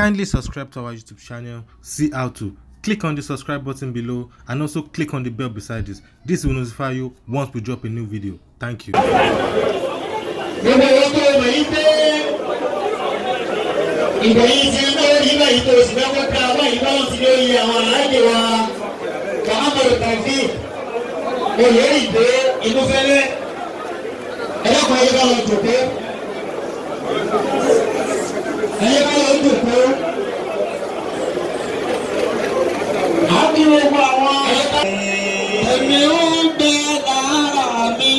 Kindly subscribe to our YouTube channel, see how to. Click on the subscribe button below and also click on the bell beside this. This will notify you once we drop a new video. Thank you. ìgbẹ̀yìn ti ń lórí ìgbà yìí tó sì lọ́kọ́ ká wá ti lórí àwọn aláìdè wa kàmábọ̀rọ̀ tàbí oyè ìgbé inú fẹ́lẹ́ ẹlẹ́kọ̀ọ́ yìí bá wọn jòkó. mi ń bẹ lára mi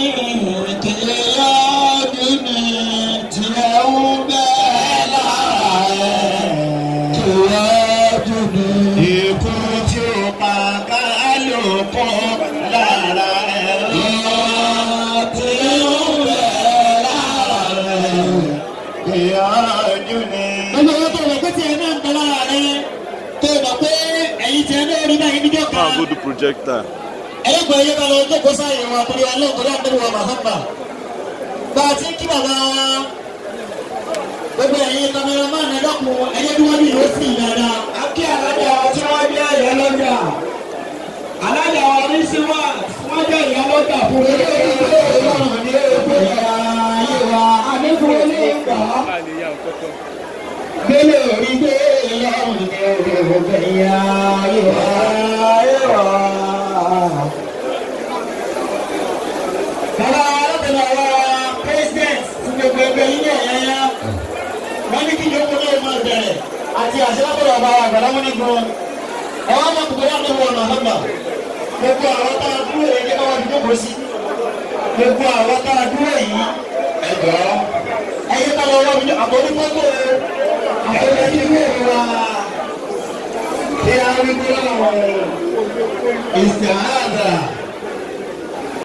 tìlẹ̀ lọ́dún ni tìlẹ̀ ń bẹ lára ẹ̀ tìlẹ̀ lọ́dún ni. Ikú tí ó pa kálukú lára ẹ̀ lọ́dún tìlẹ̀ ń bẹ lára ẹ̀ tìlẹ̀ lọ́dún ni. Ọmọ yẹn tó lọ pé tí ẹ náà ń bẹ lára rẹ tó lọ pé ẹ̀yin tí ẹ náà rí báyìí níjọ́ kan. Máa gbódú projector ẹlẹ́gbọ̀n ẹyẹ bá lọ jókòó sáyẹn wọn àtúndì ọlọ́ọ̀kọ́dá àtúndì wọn màfàgbà bá a ti kí bàbá gbogbo ẹ̀yin kameraman ẹ̀dọ́kun ẹ̀yẹ bí wọ́n ní ìlú sí ìyára. akí alájà tí wọ́n bí ẹ̀yẹ lọ́jà alájà wọn ní síwá wọ́n jẹ́ ìyá lọ́jà fún mi. ilé ìgbé gbélé orí ní èkó ìyára ayé wa. gbogbo ẹ̀yin náà yáyá wọ́n ní kí yòókù náà máa bẹ̀rẹ̀ àti àṣẹ́lápọ̀lọ̀ ọba wa àgbàlá wọn ní gan ọwọ́ máa tó gbọ́dọ̀ àtọwọ́ ọ̀nà ọ̀nà gbogbo àwọn tá a dúró yìí ní káwọn dúró kò sí gbogbo àwọn tá a dúró yìí ẹ̀dọ́ ẹ̀yẹ tá a lọ wọ́n mi àbọ̀dúpọ̀tò àbọ̀dúpọ̀tò ìwà ìyá wípé lọ́wọ́ ìsìn àádà.